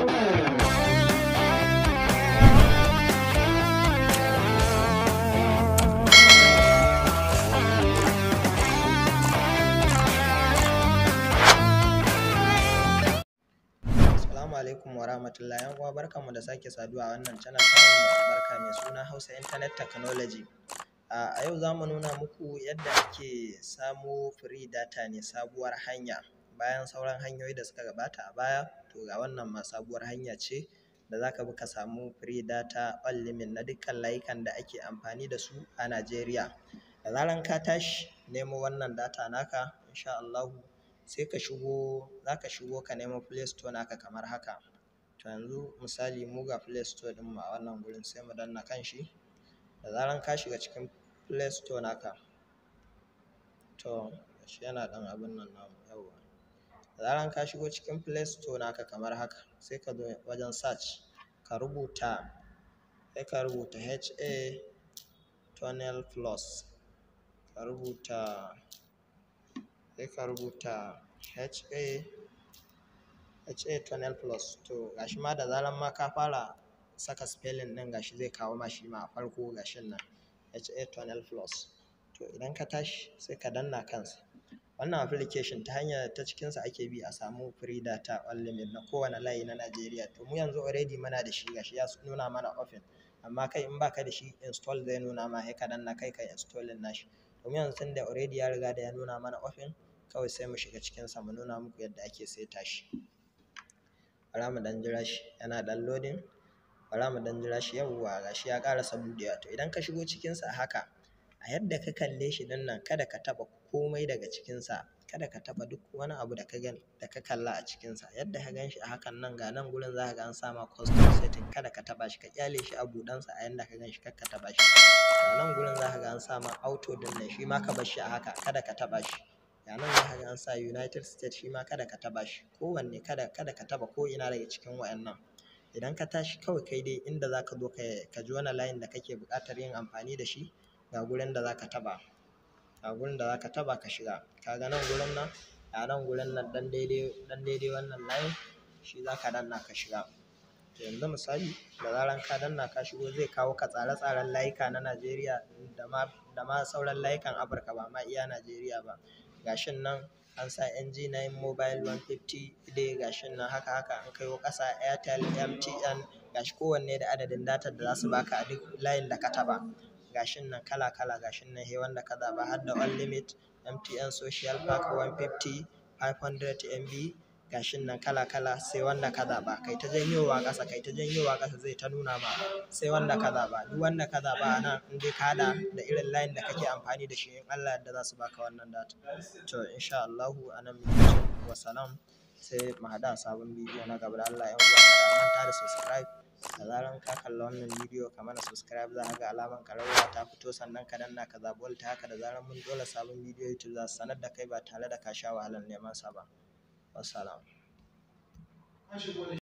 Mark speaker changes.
Speaker 1: alaikum wa rahmatullahi yan uwa barkanmu da sake saduwa a wannan channel ta mai mai suna Hausa Internet Technology. A yau za mu nuna muku yadda ake samo free data ne sabuwar hanya. bayan sauran hanyoyi da suka gabata a baya to ga wannan ma sabuwar hanya ce da za ka bi samu free data unlimited na dukkan layukan da ake amfani da su a Najeriya. Da zaran ka tashi nemo wannan data naka insha Allahu sai ka shigo za ka shigo ka nemo play store naka kamar haka. To yanzu misali mu ga play store ɗin mu a wannan gurin sai mu danna kan shi. Da zaran ka shiga cikin play store naka to shi yana ɗan abin nan namu yawwa. da zaran ka shigo cikin play store naka kamar haka sai ka zo wajen search ka rubuta sai ka rubuta ha tunnel plus ka rubuta sai ka rubuta ha ha tunnel plus to gashi ma da zaran ma ka fara saka spelling ɗin gashi zai kawo ma shi ma a farko gashin nan ha tunnel plus to idan ka tashi sai ka danna kansa wannan application ta hanyar ta cikinsa ake bi a samu free data unlimited na kowane layi na Najeriya to mu yanzu already muna da shi gashi ya nuna mana open amma kai in baka da shi install zai nuna ma Ya kadan na kai ka installin nashi to mu yanzu tunda already ya riga da ya nuna mana open kawai sai mu shiga cikinsa mu nuna muku yadda ake saita shi bara mu dan jira shi yana downloading bara mu dan jira shi yawwa gashi ya karasa buɗewa to idan ka shigo cikinsa haka a yadda ka kalle shi ɗin nan kada ka taɓa komai daga cikinsa kada ka taɓa duk wani abu da ka gan da ka kalla a cikinsa yadda ka gan shi a hakan nan ga nan gurin za ka ga an sa ma custom setting kada ka taɓa shi ka ƙyale shi a buɗansa a yadda ka gan shi kar ka taɓa shi ga nan gurin za ka ga an sa ma auto ɗin nan shi ma ka bar shi a haka kada ka taɓa shi ga nan za ka ga an sa United States shi ma kada ka taɓa shi kowanne kada kada ka taɓa ko ina daga cikin waɗannan idan ka tashi kawai kai dai inda za ka zo ka ji wani layin da kake buƙatar yin amfani da shi ga gurin da ka taɓa ga gurin da ka taɓa ka shiga ga nan gurin nan a nan gurin nan ɗan daidai ɗan daidai wannan layin shi za ka danna ka shiga to yanzu misali da zaran ka danna ka shigo zai kawo ka tsare-tsaren layuka na Najeriya da ma da ma sauran layukan Afirka ba ma iya Najeriya ba gashin nan an sa NG9 Mobile 150 dai gashin nan haka haka an kaiwo ƙasa Airtel MTN gashi kowanne da adadin datar da za su baka a duk layin da ka taɓa gashin nan kala kala gashin nan he wanda ka zaba har da on limit mtn social park 150 500 mb gashin nan kala kala sai wanda ka zaba kai ta janyowa ƙasa kai ta janyowa ƙasa zai ta nuna ma sai wanda ka zaba duk wanda ka zaba a nan in dai ka da da irin layin da kake amfani da shi in Allah yadda za su baka wannan data to insha Allah anan wa salam sai mu hada sabon bidiyo na gaba da Allah ya uwa kada manta da subscribe da zaran ka kalla wannan bidiyo ka mana subscribe za ka ga alamar ƙararrawa ta fito sannan ka danna ka zaɓi wani ta haka da zaran mun dole sabon bidiyo YouTube za su sanar da kai ba tare da ka sha wahalar neman sa ba. Wassalam.